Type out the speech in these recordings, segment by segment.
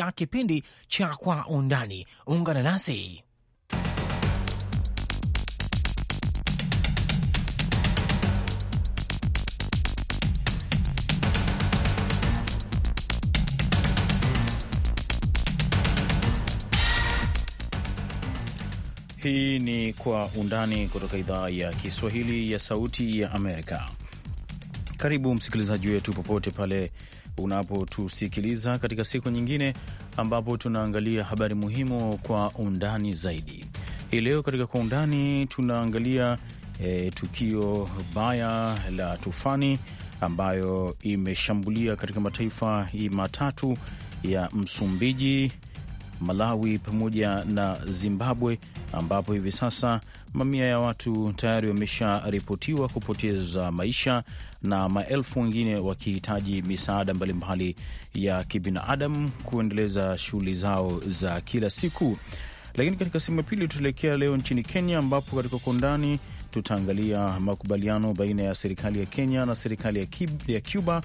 ya kipindi cha Kwa Undani. Ungana nasi Hii ni Kwa Undani kutoka idhaa ya Kiswahili ya Sauti ya Amerika. Karibu msikilizaji wetu popote pale unapotusikiliza katika siku nyingine ambapo tunaangalia habari muhimu kwa undani zaidi. Hii leo katika kwa undani tunaangalia e, tukio baya la tufani ambayo imeshambulia katika mataifa matatu ya Msumbiji, Malawi pamoja na Zimbabwe ambapo hivi sasa mamia ya watu tayari wamesharipotiwa kupoteza maisha na maelfu wengine wakihitaji misaada mbalimbali ya kibinadamu kuendeleza shughuli zao za kila siku. Lakini katika sehemu ya pili tutaelekea leo nchini Kenya, ambapo katika kwa undani tutaangalia makubaliano baina ya serikali ya Kenya na serikali ya Cuba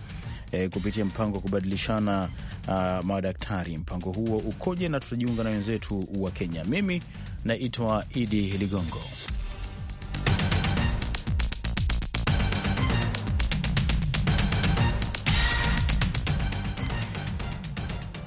e, kupitia mpango wa kubadilishana uh, madaktari. Mpango huo ukoje? Na tutajiunga na wenzetu wa Kenya. Mimi naitwa Idi Ligongo.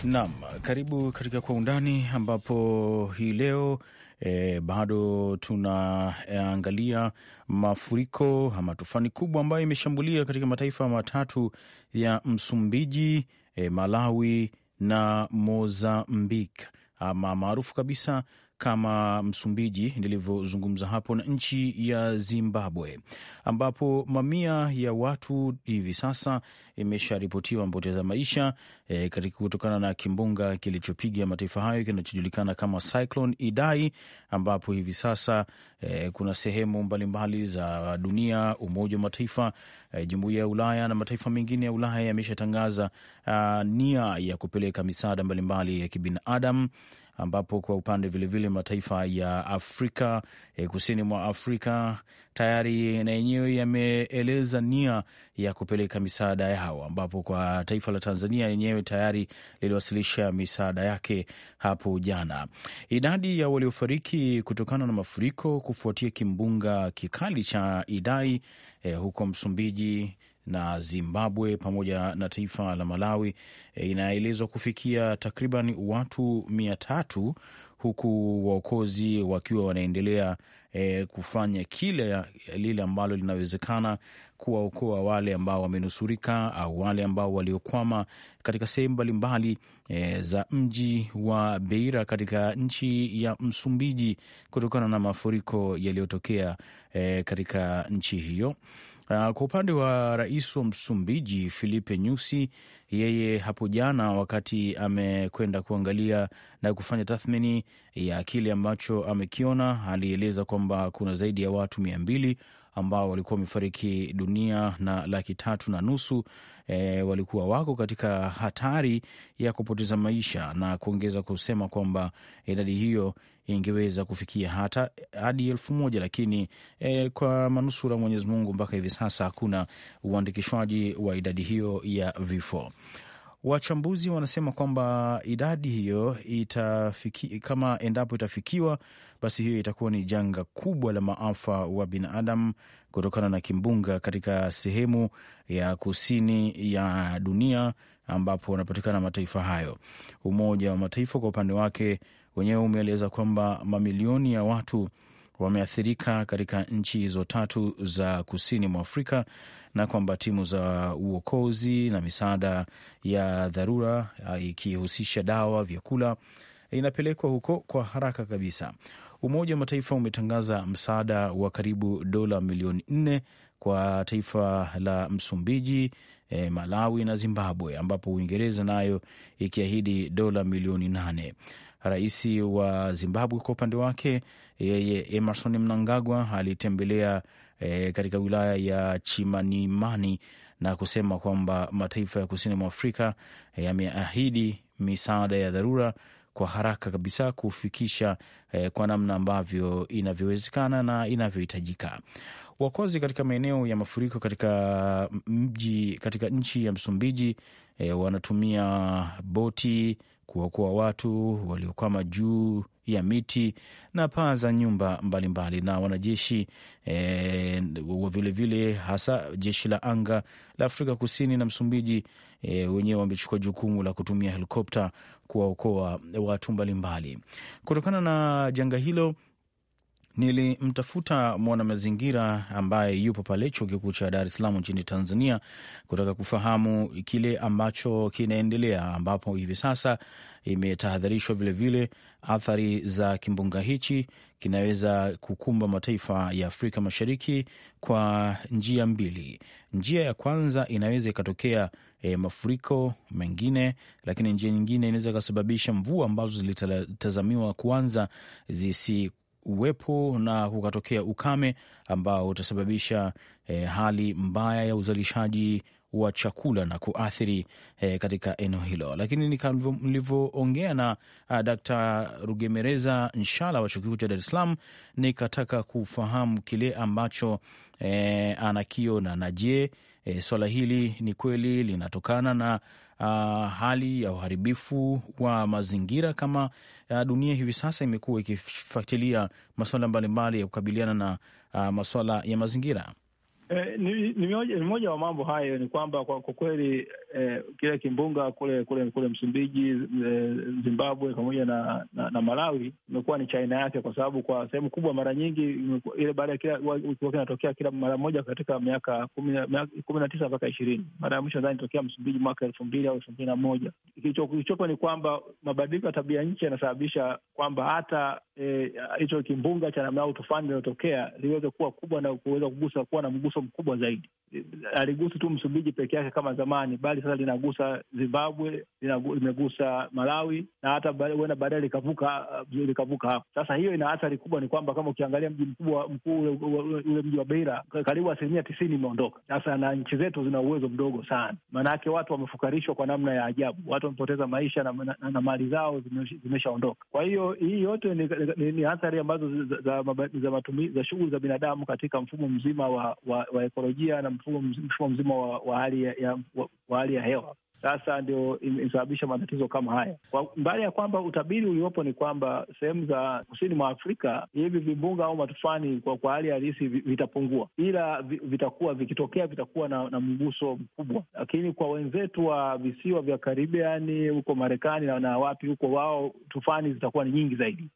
Naam, karibu katika Kwa Undani ambapo hii leo e, bado tunaangalia mafuriko ama tufani kubwa ambayo imeshambulia katika mataifa matatu ya Msumbiji, e, Malawi na Mozambiki ama maarufu kabisa kama Msumbiji nilivyozungumza hapo, na nchi ya Zimbabwe ambapo mamia ya watu hivi sasa imesharipotiwa mpoteza maisha e, katika kutokana na kimbunga kilichopiga mataifa hayo kinachojulikana kama Cyclone Idai, ambapo hivi sasa e, kuna sehemu mbalimbali za dunia, Umoja wa Mataifa, e, Jumuiya ya Ulaya na mataifa mengine ya Ulaya yameshatangaza nia ya kupeleka misaada mbalimbali ya kibinadamu ambapo kwa upande vilevile mataifa ya Afrika e, kusini mwa Afrika tayari na yenyewe yameeleza nia ya kupeleka misaada yao, ambapo kwa taifa la Tanzania yenyewe tayari liliwasilisha misaada yake hapo jana. Idadi ya waliofariki kutokana na mafuriko kufuatia kimbunga kikali cha Idai e, huko Msumbiji na Zimbabwe pamoja na taifa la Malawi eh, inaelezwa kufikia takriban watu mia tatu huku waokozi wakiwa wanaendelea e, kufanya kile lile ambalo linawezekana kuwaokoa wale ambao wamenusurika au wale ambao waliokwama katika sehemu mbalimbali e, za mji wa Beira katika nchi ya Msumbiji kutokana na mafuriko yaliyotokea e, katika nchi hiyo. Uh, kwa upande wa rais wa Msumbiji Filipe Nyusi, yeye hapo jana wakati amekwenda kuangalia na kufanya tathmini ya kile ambacho amekiona, alieleza kwamba kuna zaidi ya watu mia mbili ambao walikuwa wamefariki dunia na laki tatu na nusu e, walikuwa wako katika hatari ya kupoteza maisha na kuongeza kusema kwamba idadi hiyo ingeweza kufikia hata hadi elfu moja lakini e, kwa manusura Mwenyezi Mungu, mpaka hivi sasa hakuna uandikishwaji wa idadi hiyo ya vifo. Wachambuzi wanasema kwamba idadi hiyo itafiki, kama endapo itafikiwa, basi hiyo itakuwa ni janga kubwa la maafa wa binadamu kutokana na kimbunga katika sehemu ya kusini ya dunia ambapo wanapatikana mataifa hayo. Umoja wa Mataifa kwa upande wake wenyewe umeeleza kwamba mamilioni ya watu wameathirika katika nchi hizo tatu za kusini mwa Afrika na kwamba timu za uokozi na misaada ya dharura ikihusisha dawa, vyakula inapelekwa huko kwa haraka kabisa. Umoja wa Mataifa umetangaza msaada wa karibu dola milioni nne kwa taifa la Msumbiji, e, Malawi na Zimbabwe, ambapo Uingereza nayo ikiahidi dola milioni nane. Rais wa Zimbabwe kwa upande wake yeye Emerson Mnangagwa alitembelea e, katika wilaya ya Chimanimani na kusema kwamba mataifa ya kusini mwa Afrika eh, yameahidi misaada ya dharura kwa haraka kabisa kufikisha eh, kwa namna ambavyo inavyowezekana na inavyohitajika. wakozi katika maeneo ya mafuriko katika mji katika nchi ya Msumbiji eh, wanatumia boti kuwaokoa watu waliokwama juu ya miti na paa za nyumba mbalimbali mbali. Na wanajeshi e, vilevile hasa jeshi la anga la Afrika Kusini na Msumbiji e, wenyewe wamechukua jukumu la kutumia helikopta kuwaokoa watu mbalimbali mbali. Kutokana na janga hilo Nilimtafuta mwanamazingira ambaye yupo pale chuo kikuu cha Dar es Salaam nchini Tanzania kutaka kufahamu kile ambacho kinaendelea, ambapo hivi sasa imetahadharishwa vilevile athari za kimbunga hichi kinaweza kukumba mataifa ya Afrika Mashariki kwa njia mbili. Njia ya kwanza inaweza ikatokea e, mafuriko mengine, lakini njia nyingine inaweza ikasababisha mvua ambazo zilitazamiwa kuanza zisi uwepo na kukatokea ukame ambao utasababisha e, hali mbaya ya uzalishaji wa chakula na kuathiri e, katika eneo hilo. Lakini nilivyoongea na a, ah, Dkt. Rugemereza Nshala wa chuo kikuu cha Dar es Salaam, nikataka kufahamu kile ambacho e, anakiona na je, e, swala hili ni kweli linatokana na uh, hali ya uharibifu wa mazingira kama uh, dunia hivi sasa imekuwa ikifuatilia masuala mbalimbali ya kukabiliana na uh, masuala ya mazingira. Eh, ni, mmoja wa mambo hayo ni kwamba kwa kweli eh, kile kimbunga kule kule kule Msumbiji eh, Zimbabwe pamoja na, na, na Malawi imekuwa ni China yake, kwa sababu kwa sehemu kubwa mara nyingi ile baada ya kila kila kinatokea kila mara moja katika miaka kumi na tisa mpaka ishirini. Mara ya mwisho nadhani ilitokea Msumbiji mwaka elfu mbili au elfu mbili na moja. Kilichopo ni kwamba mabadiliko ya tabia nchi yanasababisha kwamba hata E, hicho e, kimbunga cha namna au tufani linalotokea liweze kuwa kubwa na kuweza kugusa kuwa na mguso mkubwa zaidi. haligusi tu Msumbiji peke yake kama zamani, bali sasa linagusa Zimbabwe, limegusa Malawi na hata huenda baadaye likavuka uh, likavuka hapo. Sasa hiyo ina athari kubwa, ni kwamba kama ukiangalia mji mkubwa mkuu ule mji wa Beira, karibu asilimia tisini imeondoka sasa, na nchi zetu zina uwezo mdogo sana. Maanake watu wamefukarishwa kwa namna ya ajabu, watu wamepoteza maisha na, na, na, na mali zao zimeshaondoka. Kwa hiyo hii yote ni ni, ni athari ambazo za, za, za, za shughuli za binadamu katika mfumo mzima wa, wa, wa ekolojia na mfumo mzima wa, wa hali ya, ya, wa, wa hali ya hewa. Sasa ndio imesababisha matatizo kama haya, mbali ya kwamba utabiri uliopo ni kwamba sehemu za kusini mwa Afrika hivi vimbunga au matufani kwa, kwa hali halisi vitapungua, ila vitakuwa vikitokea vitakuwa na, na mguso mkubwa, lakini kwa wenzetu wa visiwa vya Karibiani huko Marekani na, na wapi huko, wao tufani zitakuwa ni nyingi zaidi,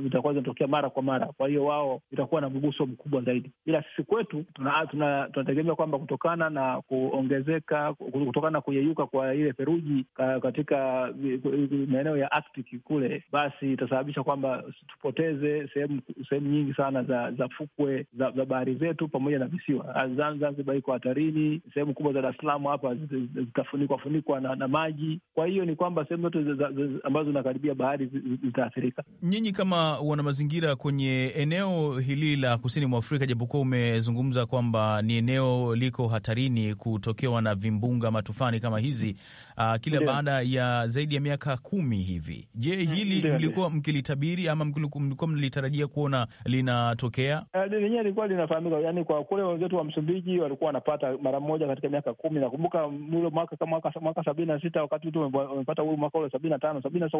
vitakuwa zinatokea mara kwa mara, kwa hiyo wao vitakuwa na mguso mkubwa zaidi, ila sisi kwetu tunategemea tuna, tuna kwamba kutokana na kuongezeka kutokana na kuyeyuka kwa kwa ile theluji katika eh, eh, maeneo ya Arctic kule, basi itasababisha kwamba tupoteze sehemu sehemu nyingi sana za za fukwe za, za bahari zetu pamoja na visiwa. Ah, Zanzibar iko hatarini, sehemu kubwa za Dar es Salaam hapa zitafunikwa funikwa na, na maji. Kwa hiyo ni kwamba sehemu zote ambazo zinakaribia bahari zitaathirika. Nyinyi kama wana mazingira kwenye eneo hili la kusini mwa Afrika, japokuwa umezungumza kwamba ni eneo liko hatarini kutokewa na vimbunga matufani kama hizi uh, kila yeah. baada ya zaidi ya miaka kumi hivi. Je, mm, hili yeah, mlikuwa mkilitabiri ama mlikuwa mnalitarajia kuona linatokea? Lenyewe uh, lilikuwa linafahamika, yani kwa kule wenzetu wa Msumbiji walikuwa wanapata mara moja katika miaka kumi. Nakumbuka ule mwaka mwaka, mwaka sabini na sita wakati tu wamepata uhuru mwaka ule sabini na tano sabini na sita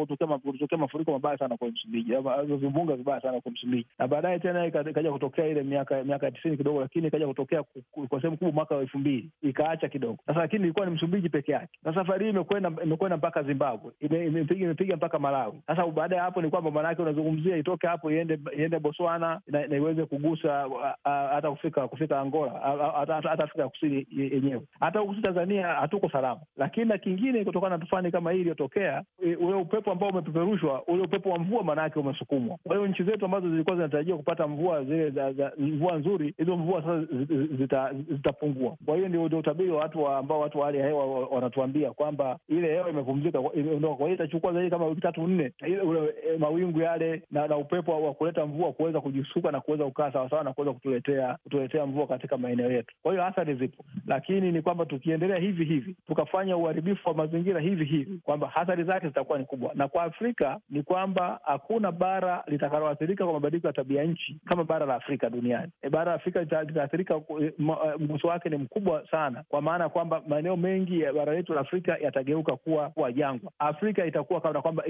kutokea mafuriko mabaya sana kwa Msumbiji, vimbunga vibaya sana kwa Msumbiji, na baadaye tena ikaja kutokea ile miaka miaka tisini kidogo, lakini ikaja kutokea kwa sehemu kubwa mwaka wa elfu mbili ikaacha kidogo sasa, lakini ilikuwa ni Msumbiji peke yake na safari hii imekwenda mpaka Zimbabwe, imepiga ime mpaka Malawi. Sasa baada ya hapo ni kwamba maanake unazungumzia itoke hapo iende iende Botswana na, na iweze kugusa hata kufika kufika Angola hata Afrika ya kusini yenyewe. Hata huku Tanzania hatuko salama, lakini na kingine kutokana na tufani kama hii iliyotokea, e, ule upepo ambao umepeperushwa, ule upepo wa mvua maanake umesukumwa. Kwa hiyo nchi zetu ambazo zilikuwa zinatarajiwa kupata mvua zile za mvua nzuri, hizo mvua sasa zitapungua. Kwa hiyo ndio utabiri wa watu ambao watu wa hali ya hewa wanatuambia kuambia kwamba ile hewa imepumzika, Kwa hiyo itachukua zaidi kama wiki tatu nne, e, mawingu yale na, na upepo wa kuleta mvua kuweza kujisuka na kuweza kukaa sawasawa na kuweza kutuletea kutuletea mvua katika maeneo yetu. Kwa hiyo athari zipo, lakini ni kwamba tukiendelea hivi hivi tukafanya uharibifu wa mazingira hivi hivi, kwamba athari zake zitakuwa ni kubwa. Na kwa Afrika ni kwamba hakuna bara litakaloathirika kwa mabadiliko ya tabia nchi kama bara la Afrika duniani. E, bara la Afrika litaathirika, e, e, mguso wake ni mkubwa sana, kwa maana ya kwamba maeneo mengi ya bara letu Afrika yatageuka kuwa kuwa jangwa. Afrika itakuwa kana kwamba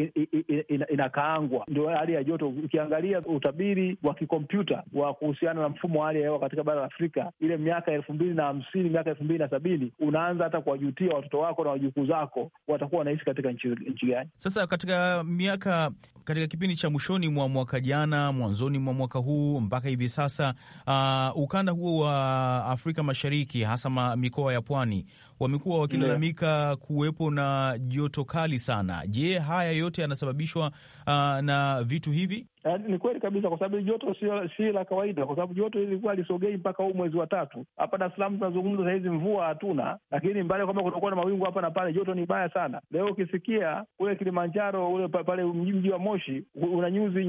inakaangwa. Ndio hali ya joto. Ukiangalia utabiri wa kikompyuta wa kuhusiana na mfumo wa hali ya hewa katika bara la Afrika, ile miaka elfu mbili na hamsini miaka elfu mbili na sabini unaanza hata kuwajutia watoto wako na wajukuu zako watakuwa wanaishi katika nchi, nchi gani? Sasa katika miaka katika kipindi cha mwishoni mwa mwaka jana mwanzoni mwa mwaka huu mpaka hivi sasa, uh, ukanda huo wa Afrika Mashariki hasa mikoa ya pwani wamekuwa wakilalamika kuwepo na joto kali sana. Je, haya yote yanasababishwa uh, na vitu hivi? Eh, ni kweli kabisa, kwa sababu joto sio si la kawaida, kwa sababu joto ilikuwa lisogei mpaka huu mwezi wa tatu. Hapa Dar es Salaam tunazungumza sahizi, mvua hatuna, lakini mbali kama kutakuwa na mawingu hapa na pale, joto ni baya sana. Leo ukisikia kule Kilimanjaro ule pale mji wa Moshi una nyuzi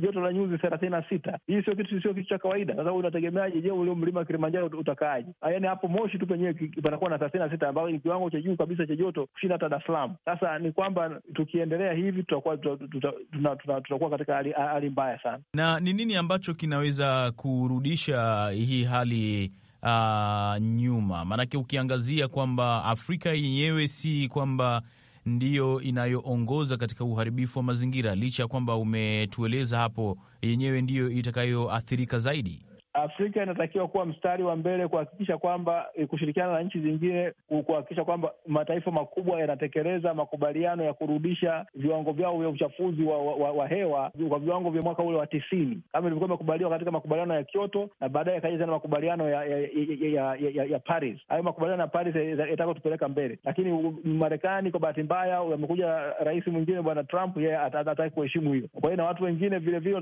joto la nyuzi thelathini na sita. Hii sio kitu sio kitu cha kawaida. Sasa unategemeaje? Je, ule mlima wa Kilimanjaro utakaaje? Yaani hapo Moshi tu penyewe panakuwa na thelathini na sita ambayo ni kiwango cha juu kabisa cha joto kushinda hata Dar es Salaam. Sasa ni kwamba tukiendelea hivi tutakuwa tutakuwa katika hali hali mbaya sana. Na ni nini ambacho kinaweza kurudisha hii hali uh, nyuma? Maanake ukiangazia kwamba Afrika yenyewe si kwamba ndiyo inayoongoza katika uharibifu wa mazingira, licha ya kwamba umetueleza hapo yenyewe ndiyo itakayoathirika zaidi. Afrika inatakiwa kuwa mstari wa mbele kuhakikisha kwamba e, kushirikiana na nchi zingine kuhakikisha kwamba mataifa makubwa yanatekeleza makubaliano ya kurudisha viwango vyao vya uchafuzi wa, wa, wa hewa kwa viwango vya mwaka ule wa tisini kama ilivyokuwa imekubaliwa katika makubaliano ya Kyoto na baadaye yakaja tena makubaliano ya ya, ya, ya, ya, ya Paris. Hayo makubaliano ya Paris yataka tupeleka mbele, lakini Marekani kwa bahati mbaya amekuja rais mwingine bwana Trump, yeye hataki kuheshimu hiyo. Kwa hiyo na watu wengine vilevile,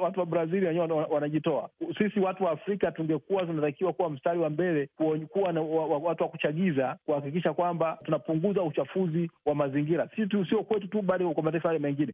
watu wa Brazil wenyewe wanajitoa. Sisi watu Afrika tungekuwa tunatakiwa kuwa mstari wa mbele kuwa na watu wa kuchagiza kuhakikisha kwamba tunapunguza uchafuzi wa mazingira, si tu sio kwetu tu, bali kwa mataifa yale mengine.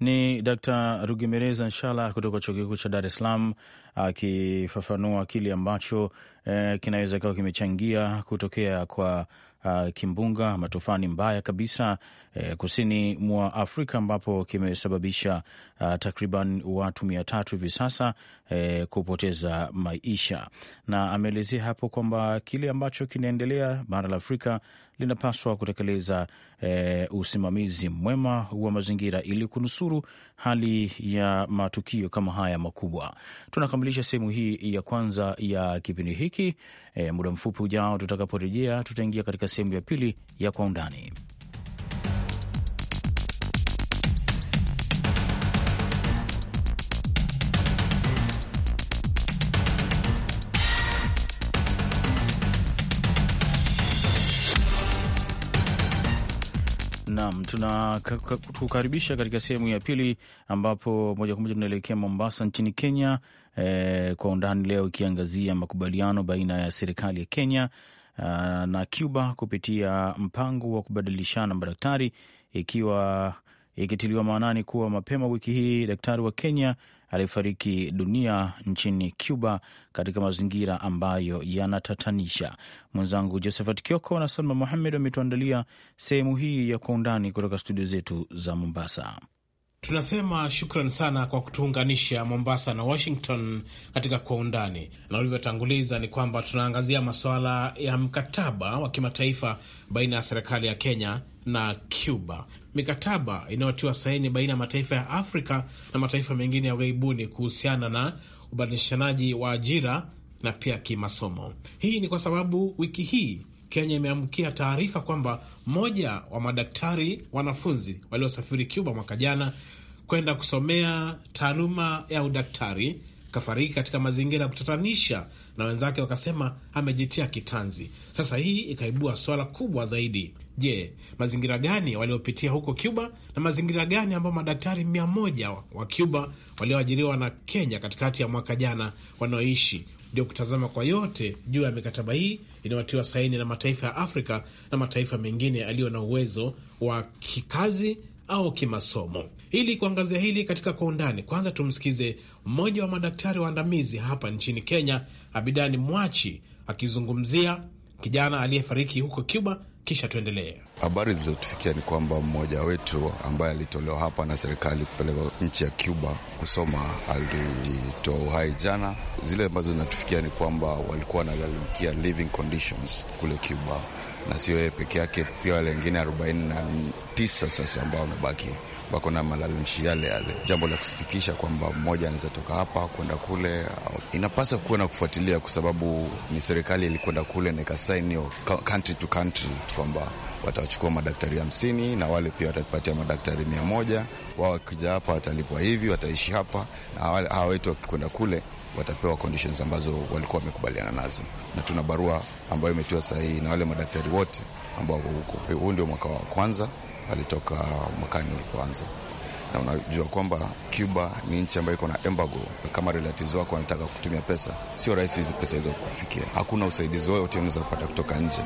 Ni Dkt. Rugemereza Nshala kutoka chuo kikuu cha Dar es Salaam akifafanua kile ambacho eh, kinaweza kawa kimechangia kutokea kwa uh, kimbunga ama mbaya kabisa eh, kusini mwa Afrika ambapo kimesababisha uh, takriban watu mia tatu hivi sasa eh, kupoteza maisha, na ameelezea hapo kwamba kile ambacho kinaendelea bara la Afrika linapaswa kutekeleza e, usimamizi mwema wa mazingira ili kunusuru hali ya matukio kama haya makubwa. Tunakamilisha sehemu hii ya kwanza ya kipindi hiki. E, muda mfupi ujao tutakaporejea, tutaingia katika sehemu ya pili ya Kwa Undani. Nam, tunakukaribisha katika sehemu ya pili ambapo moja kwa moja tunaelekea Mombasa nchini Kenya. E, kwa undani leo ikiangazia makubaliano baina ya serikali ya Kenya Uh, na Cuba kupitia mpango wa kubadilishana madaktari, ikiwa ikitiliwa maanani kuwa mapema wiki hii daktari wa Kenya alifariki dunia nchini Cuba katika mazingira ambayo yanatatanisha. Mwenzangu Josephat Kioko na Salma Muhamed wametuandalia sehemu hii ya Kwa Undani kutoka studio zetu za Mombasa. Tunasema shukran sana kwa kutuunganisha Mombasa na Washington katika Kwa Undani, na ulivyotanguliza ni kwamba tunaangazia masuala ya mkataba wa kimataifa baina ya serikali ya Kenya na Cuba, mikataba inayotiwa saini baina ya mataifa ya Afrika na mataifa mengine ya ughaibuni kuhusiana na ubadilishanaji wa ajira na pia kimasomo. Hii ni kwa sababu wiki hii Kenya imeamkia taarifa kwamba mmoja wa madaktari wanafunzi waliosafiri Cuba mwaka jana kwenda kusomea taaluma ya udaktari kafariki katika mazingira ya kutatanisha, na wenzake wakasema amejitia kitanzi. Sasa hii ikaibua swala kubwa zaidi. Je, mazingira gani waliopitia huko Cuba na mazingira gani ambayo madaktari mia moja wa Cuba walioajiriwa na Kenya katikati ya mwaka jana wanaoishi ndio kutazama kwa yote juu ya mikataba hii inayotiwa saini na mataifa ya Afrika na mataifa mengine yaliyo na uwezo wa kikazi au kimasomo. Ili kuangazia hili katika kwa undani, kwanza tumsikize mmoja wa madaktari waandamizi hapa nchini Kenya, Abidani Mwachi akizungumzia kijana aliyefariki huko Cuba kisha tuendelee. Habari zilizotufikia ni kwamba mmoja wetu ambaye alitolewa hapa na serikali kupelekwa nchi ya Cuba kusoma alitoa uhai jana. Zile ambazo zinatufikia ni kwamba walikuwa wanalalamikia living conditions kule Cuba, na sio yeye peke yake, pia wale wengine 49 sasa ambao wamebaki wako na malalamishi yale yale. Jambo la kusitikisha kwamba mmoja anaweza toka hapa kwenda kule. Inapaswa kuwa na kufuatilia, kwa sababu ni serikali ilikwenda kule na ikasaini country to country kwamba watachukua madaktari hamsini na wale pia watapatia madaktari mia moja wao wakija hapa watalipwa hivi, wataishi hapa, na hawa wetu wakikwenda kule watapewa conditions ambazo walikuwa wamekubaliana nazo, na tuna barua ambayo imetiwa sahihi na wale madaktari wote ambao wako huko. Huu ndio mwaka wa kwanza alitoka mwakani ulipoanza, na unajua kwamba Cuba ni nchi ambayo iko na embargo. Kama relatives wako wanataka kutumia pesa, sio rahisi hizi pesa hizo kufikia. Hakuna usaidizi wowote unaweza kupata kutoka nje.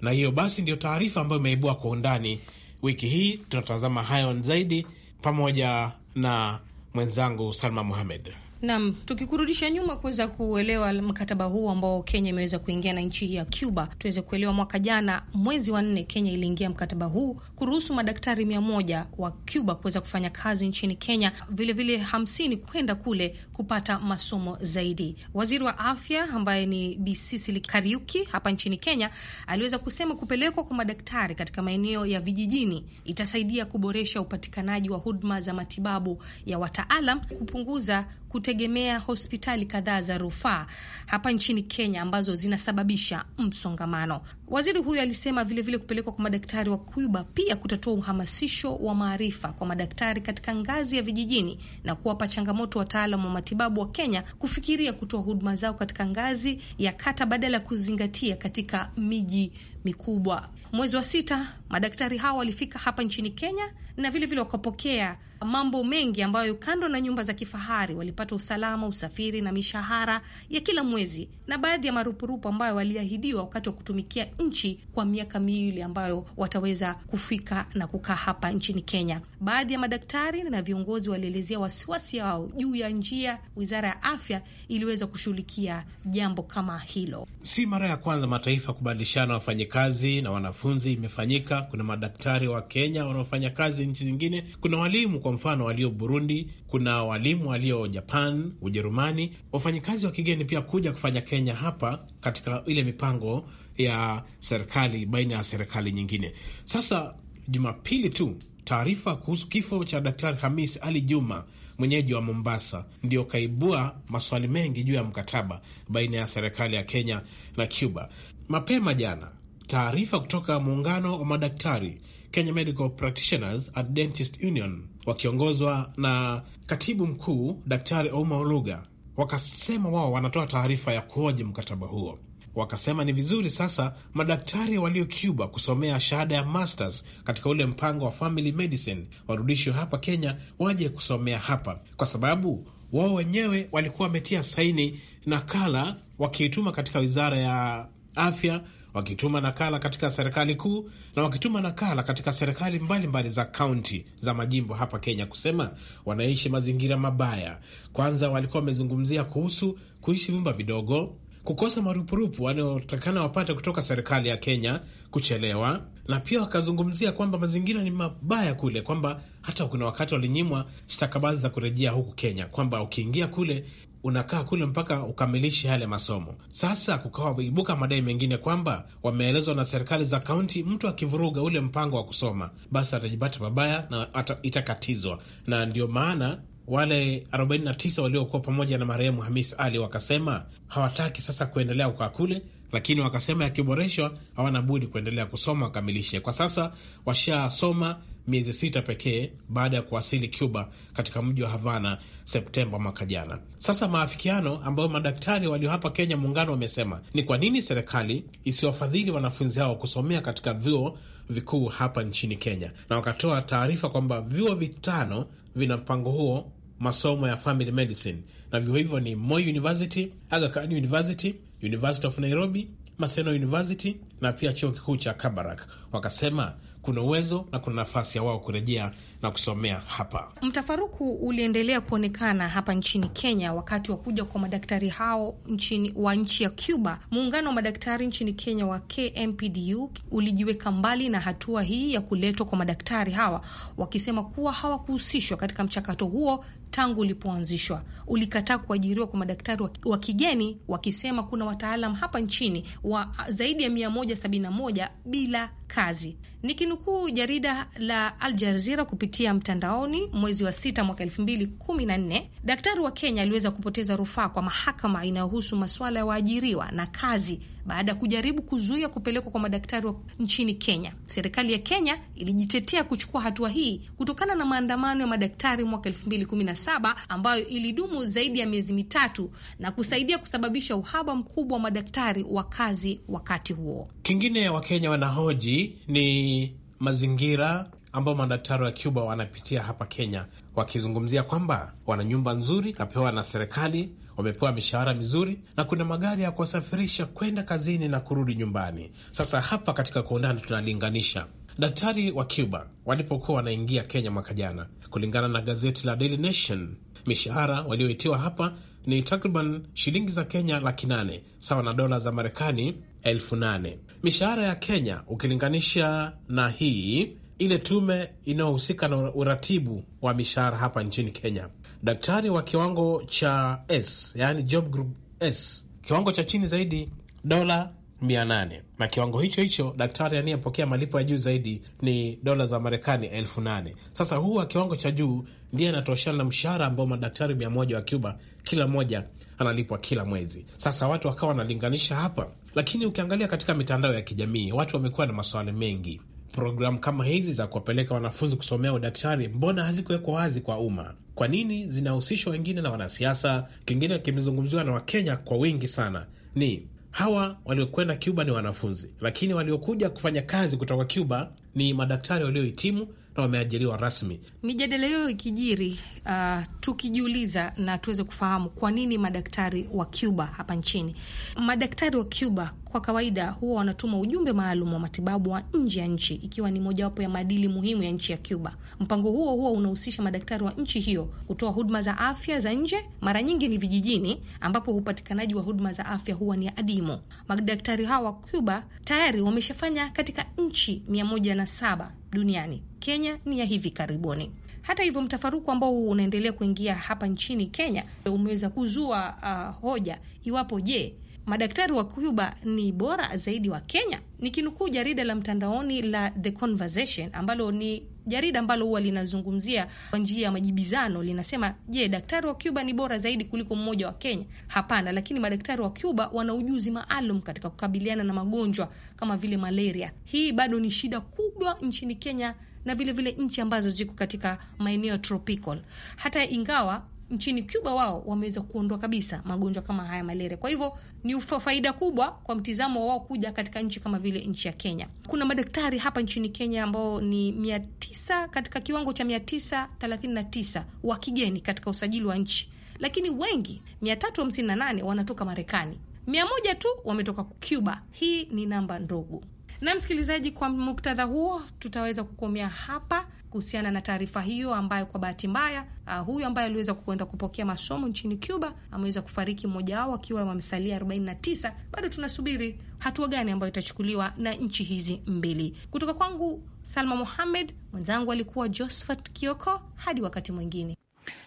Na hiyo basi ndio taarifa ambayo imeibua kwa undani wiki hii. Tunatazama hayo zaidi pamoja na mwenzangu Salma muhamed Naam, tukikurudisha nyuma kuweza kuelewa mkataba huu ambao Kenya imeweza kuingia na nchi hii ya Cuba, tuweze kuelewa mwaka jana mwezi wa nne Kenya iliingia mkataba huu kuruhusu madaktari mia moja wa Cuba kuweza kufanya kazi nchini Kenya, vilevile hamsini kwenda kule kupata masomo zaidi. Waziri wa afya ambaye ni Bi Sicily Kariuki hapa nchini Kenya aliweza kusema kupelekwa kwa madaktari katika maeneo ya vijijini itasaidia kuboresha upatikanaji wa huduma za matibabu ya wataalam, kupunguza kutegemea hospitali kadhaa za rufaa hapa nchini Kenya ambazo zinasababisha msongamano. Waziri huyo alisema vilevile kupelekwa kwa madaktari wa Cuba pia kutatoa uhamasisho wa maarifa kwa madaktari katika ngazi ya vijijini na kuwapa changamoto wataalam wa matibabu wa Kenya kufikiria kutoa huduma zao katika ngazi ya kata badala ya kuzingatia katika miji mikubwa. Mwezi wa sita Madaktari hao walifika hapa nchini Kenya na vilevile wakapokea mambo mengi ambayo kando na nyumba za kifahari walipata usalama, usafiri na mishahara ya kila mwezi na baadhi ya marupurupu ambayo waliahidiwa wakati wa kutumikia nchi kwa miaka miwili ambayo wataweza kufika na kukaa hapa nchini Kenya. Baadhi ya madaktari na viongozi walielezea wasiwasi wao juu ya njia wizara ya afya iliweza kushughulikia jambo kama hilo. Si mara ya kwanza mataifa kubadilishana wafanyikazi na wanafunzi imefanyika Afrika, kuna madaktari wa Kenya wanaofanya kazi nchi zingine, kuna walimu kwa mfano walio Burundi, kuna walimu walio Japan, Ujerumani, wafanyakazi wa kigeni pia kuja kufanya Kenya hapa katika ile mipango ya serikali baina ya serikali nyingine. Sasa Jumapili tu taarifa kuhusu kifo cha Daktari Hamis Ali Juma mwenyeji wa Mombasa ndio kaibua maswali mengi juu ya mkataba baina ya serikali ya Kenya na Cuba. Mapema jana Taarifa kutoka muungano wa madaktari Kenya Medical Practitioners and Dentist Union wakiongozwa na katibu mkuu Daktari Ouma Oluga wakasema wao wanatoa taarifa ya kuhoji mkataba huo. Wakasema ni vizuri sasa madaktari walio Cuba kusomea shahada ya masters katika ule mpango wa family medicine warudishwe hapa Kenya, waje kusomea hapa, kwa sababu wao wenyewe walikuwa wametia saini nakala wakiituma katika wizara ya afya wakituma nakala katika serikali kuu na wakituma nakala katika serikali mbalimbali za kaunti za majimbo hapa Kenya kusema wanaishi mazingira mabaya. Kwanza walikuwa wamezungumzia kuhusu kuishi vyumba vidogo, kukosa marupurupu wanaotakana wapate kutoka serikali ya Kenya, kuchelewa, na pia wakazungumzia kwamba mazingira ni mabaya kule, kwamba hata kuna wakati walinyimwa stakabadhi za kurejea huku Kenya, kwamba ukiingia kule unakaa kule mpaka ukamilishe yale masomo. Sasa kukawa ibuka madai mengine kwamba wameelezwa na serikali za kaunti, mtu akivuruga ule mpango wa kusoma, basi atajipata pabaya na ata, itakatizwa na ndio maana wale 49 waliokuwa pamoja na marehemu Hamis Ali wakasema hawataki sasa kuendelea kukaa kule, lakini wakasema yakiboreshwa hawana budi kuendelea kusoma wakamilishe. Kwa sasa washasoma miezi sita pekee baada ya kuwasili Cuba katika mji wa Havana Septemba mwaka jana. Sasa maafikiano ambayo madaktari walio hapa Kenya muungano wamesema ni kwa nini serikali isiwafadhili wanafunzi hao kusomea katika vyuo vikuu hapa nchini Kenya, na wakatoa taarifa kwamba vyuo vitano vina mpango huo masomo ya family medicine, na vyuo hivyo ni Moi University, Aga Khan University, University of Nairobi, Maseno University na pia chuo kikuu cha Kabarak. Wakasema kuna uwezo na kuna nafasi ya wao kurejea na kusomea hapa. Mtafaruku uliendelea kuonekana hapa nchini Kenya wakati wa kuja kwa madaktari hao nchini, wa nchi ya Cuba. Muungano wa madaktari nchini Kenya wa KMPDU ulijiweka mbali na hatua hii ya kuletwa kwa madaktari hawa, wakisema kuwa hawakuhusishwa katika mchakato huo tangu ulipoanzishwa. Ulikataa kuajiriwa kwa madaktari wa kigeni, wakisema kuna wataalam hapa nchini wa zaidi ya 171 bila kazi. Nikinukuu jarida la Al Jazeera kupitia kupitia mtandaoni mwezi wa sita mwaka elfu mbili kumi na nne daktari wa Kenya aliweza kupoteza rufaa kwa mahakama inayohusu masuala ya waajiriwa na kazi baada ya kujaribu kuzuia kupelekwa kwa madaktari nchini Kenya. Serikali ya Kenya ilijitetea kuchukua hatua hii kutokana na maandamano ya madaktari mwaka saba ambayo ilidumu zaidi ya miezi mitatu na kusaidia kusababisha uhaba mkubwa wa madaktari wa kazi wakati huo. Kingine Wakenya wanahoji ni mazingira ambao madaktari wa Cuba wanapitia hapa Kenya, wakizungumzia kwamba wana nyumba nzuri kapewa na serikali, wamepewa mishahara mizuri na kuna magari ya kuwasafirisha kwenda kazini na kurudi nyumbani. Sasa hapa katika kwa undani tunalinganisha daktari wa Cuba walipokuwa wanaingia Kenya mwaka jana, kulingana na gazeti la Daily Nation, mishahara walioitiwa hapa ni takriban shilingi za Kenya laki nane sawa na dola za Marekani elfu nane. Mishahara ya Kenya ukilinganisha na hii ile tume inayohusika na uratibu wa mishahara hapa nchini Kenya. Daktari wa kiwango cha S, yani job group S, kiwango cha chini zaidi dola mia nane na kiwango hicho hicho daktari anayepokea malipo ya juu zaidi ni dola za Marekani elfu nane. Sasa huu wa kiwango cha juu ndiye anatoshana na mshahara ambao madaktari mia moja wa Cuba kila mmoja analipwa kila mwezi. Sasa watu wakawa wanalinganisha hapa, lakini ukiangalia katika mitandao ya kijamii watu wamekuwa na maswali mengi. Programu kama hizi za kuwapeleka wanafunzi kusomea udaktari mbona hazikuwekwa wazi kwa umma? Kwa nini zinahusishwa wengine na wanasiasa? Kingine kimezungumziwa na Wakenya kwa wingi sana ni hawa waliokwenda Cuba ni wanafunzi, lakini waliokuja kufanya kazi kutoka Cuba ni madaktari waliohitimu na wameajiriwa rasmi. Mijadala hiyo ikijiri, uh, tukijiuliza na tuweze kufahamu kwa nini madaktari wa Cuba hapa nchini. Madaktari wa Cuba kwa kawaida huwa wanatuma ujumbe maalum wa matibabu wa nje ya nchi, ikiwa ni mojawapo ya maadili muhimu ya nchi ya Cuba. Mpango huo huwa unahusisha madaktari wa nchi hiyo kutoa huduma za afya za nje, mara nyingi ni vijijini, ambapo upatikanaji wa huduma za afya huwa ni adimu. Madaktari hawa wa Cuba tayari wameshafanya katika nchi mia moja na saba duniani. Kenya ni ya hivi karibuni. Hata hivyo, mtafaruku ambao unaendelea kuingia hapa nchini Kenya umeweza kuzua uh, hoja iwapo je madaktari wa Cuba ni bora zaidi wa Kenya. Nikinukuu jarida la mtandaoni la The Conversation ambalo ni jarida ambalo huwa linazungumzia kwa njia ya majibizano, linasema je, daktari wa Cuba ni bora zaidi kuliko mmoja wa Kenya? Hapana, lakini madaktari wa Cuba wana ujuzi maalum katika kukabiliana na magonjwa kama vile malaria. Hii bado ni shida kubwa nchini Kenya na vilevile nchi ambazo ziko katika maeneo tropical, hata ingawa nchini Cuba wao wameweza kuondoa kabisa magonjwa kama haya malaria. Kwa hivyo ni faida kubwa kwa mtizamo wao kuja katika nchi kama vile nchi ya Kenya. Kuna madaktari hapa nchini Kenya ambao ni mia tisa katika kiwango cha mia tisa thelathini na tisa wa kigeni katika usajili wa nchi, lakini wengi mia tatu hamsini na nane wanatoka Marekani, mia moja tu wametoka Cuba. Hii ni namba ndogo. Na msikilizaji, kwa muktadha huo tutaweza kukomea hapa kuhusiana na taarifa hiyo ambayo kwa bahati mbaya uh, huyu ambaye aliweza kuenda kupokea masomo nchini Cuba ameweza kufariki, mmoja wao akiwa wamesalia 49. Bado tunasubiri hatua gani ambayo itachukuliwa na nchi hizi mbili. Kutoka kwangu Salma Mohamed, mwenzangu alikuwa Josephat Kioko. Hadi wakati mwingine,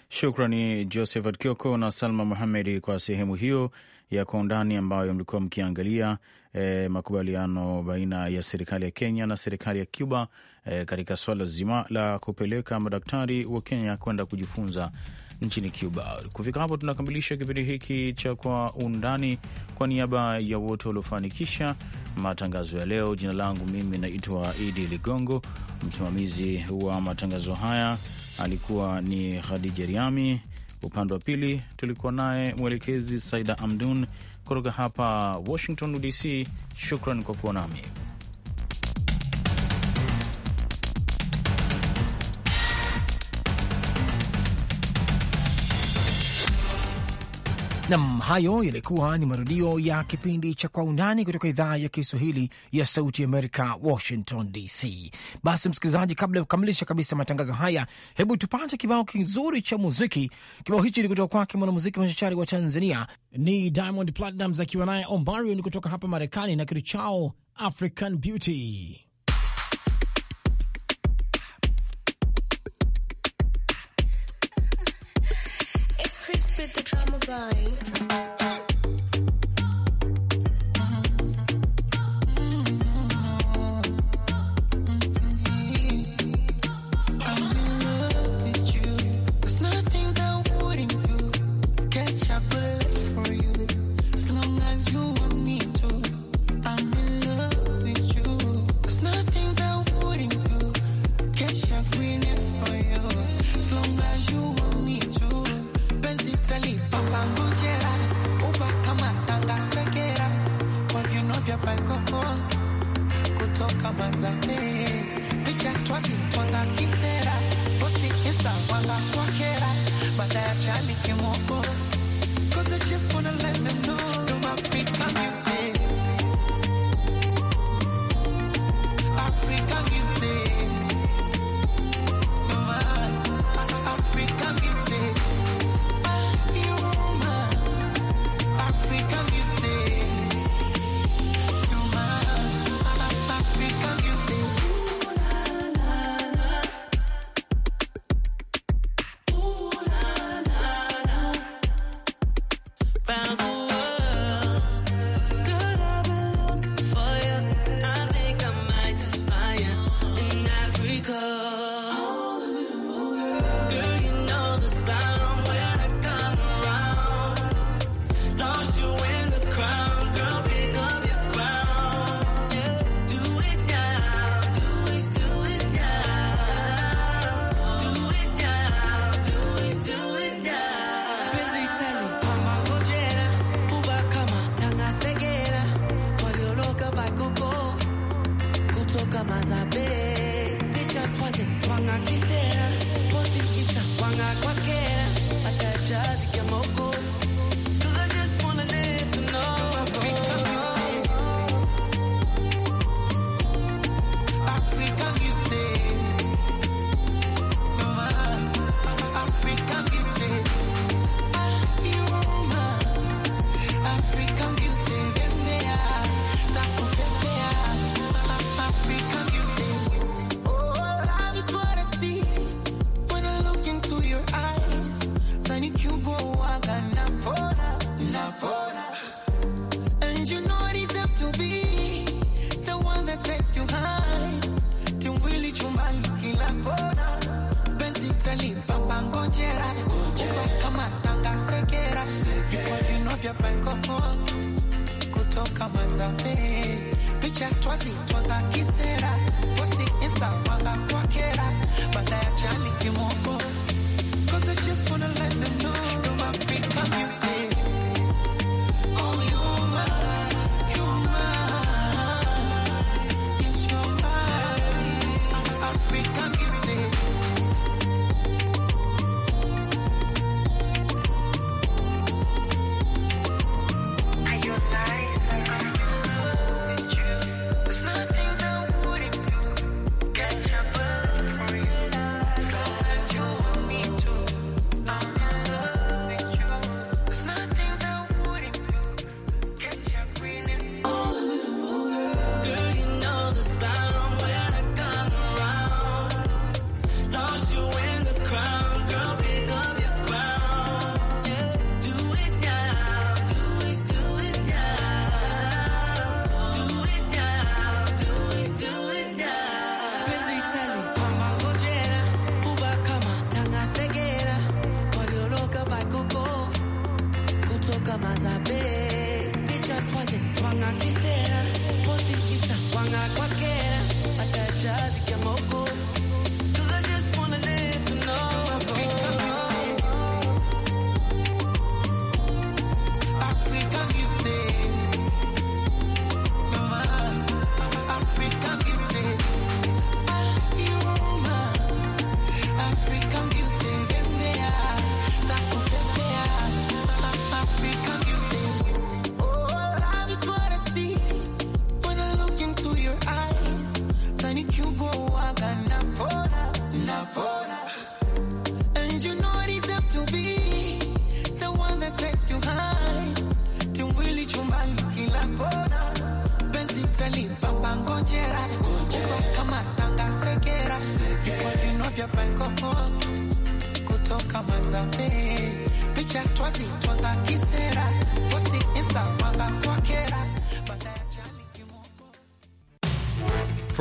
shukrani Josephat Kioko na Salma Mohamed kwa sehemu hiyo ya Kwa Undani ambayo mlikuwa mkiangalia e, makubaliano baina ya serikali ya Kenya na serikali ya Cuba e, katika swala zima la kupeleka madaktari wa Kenya kwenda kujifunza nchini Cuba. Kufika hapo, tunakamilisha kipindi hiki cha Kwa Undani. Kwa niaba ya wote waliofanikisha matangazo ya leo, jina langu mimi naitwa Idi Ligongo. Msimamizi wa matangazo haya alikuwa ni Khadija Riami. Upande wa pili tulikuwa naye mwelekezi Saida Amdun kutoka hapa Washington DC. Shukran kwa kuwa nami. Nam, hayo yalikuwa ni marudio ya kipindi cha Kwa Undani kutoka idhaa ya Kiswahili ya Sauti Amerika, Washington DC. Basi msikilizaji, kabla ya kukamilisha kabisa matangazo haya, hebu tupate kibao kizuri cha muziki. Kibao hichi ni kutoka kwake mwanamuziki machachari wa Tanzania ni Diamond Platnumz akiwa naye ombarion kutoka hapa Marekani na kitu chao African Beauty.